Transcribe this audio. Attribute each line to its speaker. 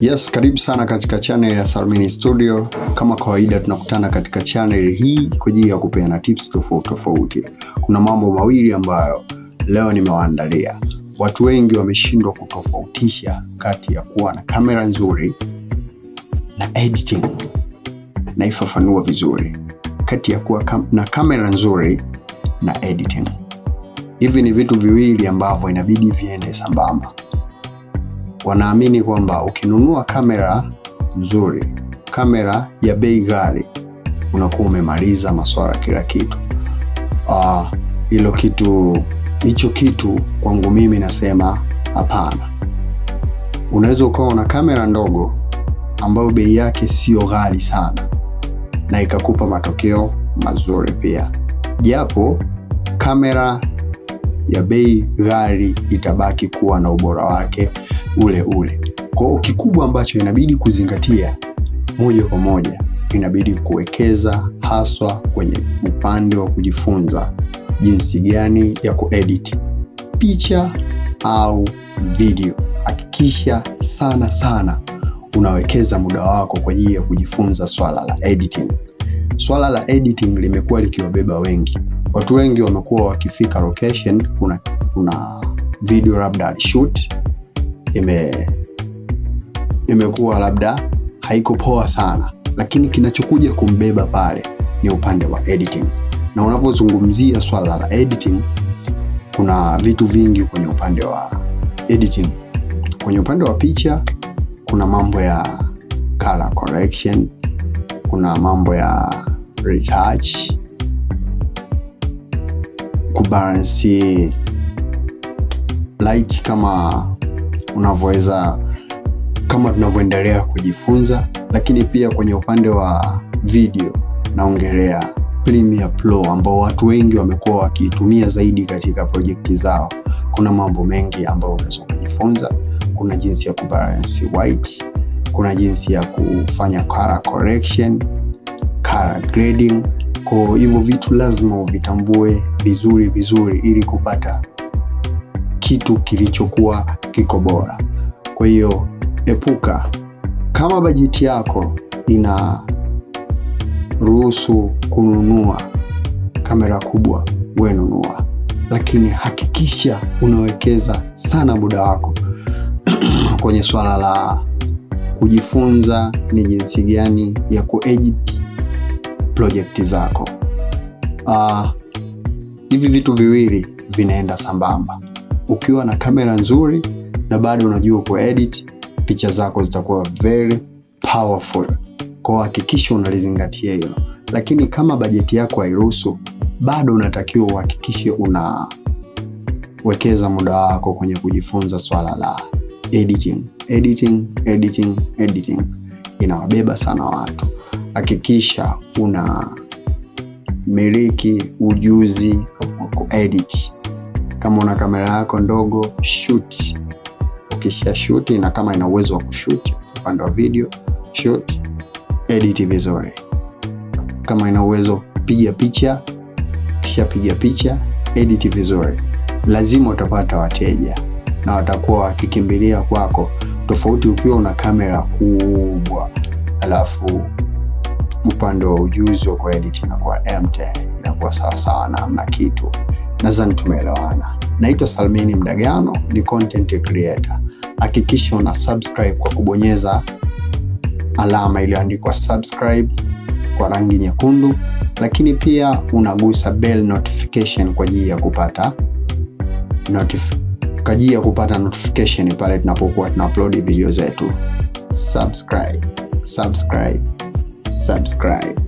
Speaker 1: Yes, karibu sana katika channel ya Salmini Studio. Kama kawaida, tunakutana katika channel hii kwa ajili ya kupeana tips tofauti tofauti. Kuna mambo mawili ambayo leo nimewaandalia. Watu wengi wameshindwa kutofautisha kati ya kuwa na kamera nzuri na editing. Naifafanua vizuri, kati ya kuwa kam na kamera nzuri na editing. Hivi ni vitu viwili ambavyo inabidi viende sambamba wanaamini kwamba ukinunua kamera nzuri, kamera ya bei ghali, unakuwa umemaliza maswala kila kitu. Ah, hilo kitu hicho kitu kwangu mimi nasema hapana. Unaweza ukawa na kamera ndogo ambayo bei yake sio ghali sana na ikakupa matokeo mazuri pia, japo kamera ya bei ghali itabaki kuwa na ubora wake ule ule. hiyo kikubwa ambacho inabidi kuzingatia moja kwa moja, inabidi kuwekeza haswa kwenye upande wa kujifunza jinsi gani ya kuedit picha au video. Hakikisha sana sana unawekeza muda wako kwa ajili ya kujifunza swala la editing. Swala la editing limekuwa likiwabeba wengi. Watu wengi wamekuwa wakifika location, kuna kuna video labda alishoot ime imekuwa labda haiko poa sana, lakini kinachokuja kumbeba pale ni upande wa editing. Na unapozungumzia swala la editing, kuna vitu vingi kwenye upande wa editing. Kwenye upande wa picha kuna mambo ya color correction, kuna mambo ya retouch, kubalansi light kama unavyoweza kama tunavyoendelea kujifunza, lakini pia kwenye upande wa video naongelea Premiere Pro ambao watu wengi wamekuwa wakiitumia zaidi katika projekti zao. Kuna mambo mengi ambayo unaweza kujifunza. Kuna jinsi ya kubalance white, kuna jinsi ya kufanya color correction, color grading. Kwa hivyo vitu lazima uvitambue vizuri vizuri ili kupata kitu kilichokuwa kiko bora. Kwa hiyo epuka, kama bajeti yako ina ruhusu kununua kamera kubwa, we nunua, lakini hakikisha unawekeza sana muda wako kwenye swala la kujifunza ni jinsi gani ya kuedit project zako. Uh, hivi vitu viwili vinaenda sambamba ukiwa na kamera nzuri na bado unajua ku edit picha zako zitakuwa very powerful. Kwa hakikisha unalizingatia hilo, lakini kama bajeti yako hairuhusu, bado unatakiwa uhakikishe unawekeza muda wako kwenye kujifunza swala la editing. Editing, editing, editing inawabeba sana watu. Hakikisha una miliki ujuzi wa kuedit. Kama una kamera yako ndogo, shoot. Ukisha shoot na kama ina uwezo wa kushoot upande wa video, shoot, edit vizuri. Kama ina uwezo, piga picha, kisha piga picha, edit vizuri. Lazima utapata wateja na watakuwa wakikimbilia kwako, tofauti ukiwa una kamera kubwa alafu upande wa ujuzi wa kuedit inakuwa empty, inakuwa sawasawa na kitu. Nadhani tumeelewana. Naitwa Salmini Mdagano, ni content creator. Hakikisha una subscribe kwa kubonyeza alama iliyoandikwa subscribe kwa rangi nyekundu, lakini pia unagusa bell notification kwa ajili ya kupata notif kwa ajili ya kupata notification pale tunapokuwa tuna upload video zetu. Subscribe, subscribe, subscribe.